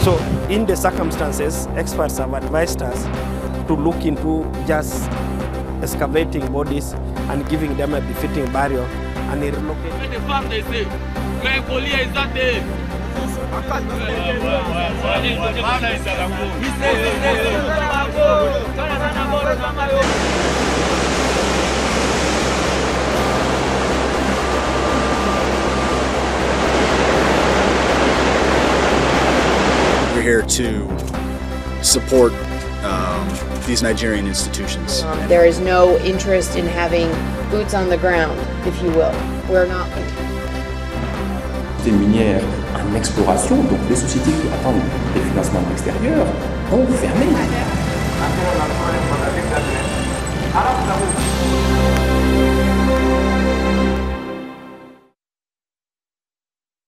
So in the circumstances, experts have advised us to look into just excavating bodies and giving them a befitting burial and relocating. they here to support um, these Nigerian institutions. Um, there is no interest in having boots on the ground, if you will. We're not. en exploration, donc sociétés qui attendent des financements ont fermé.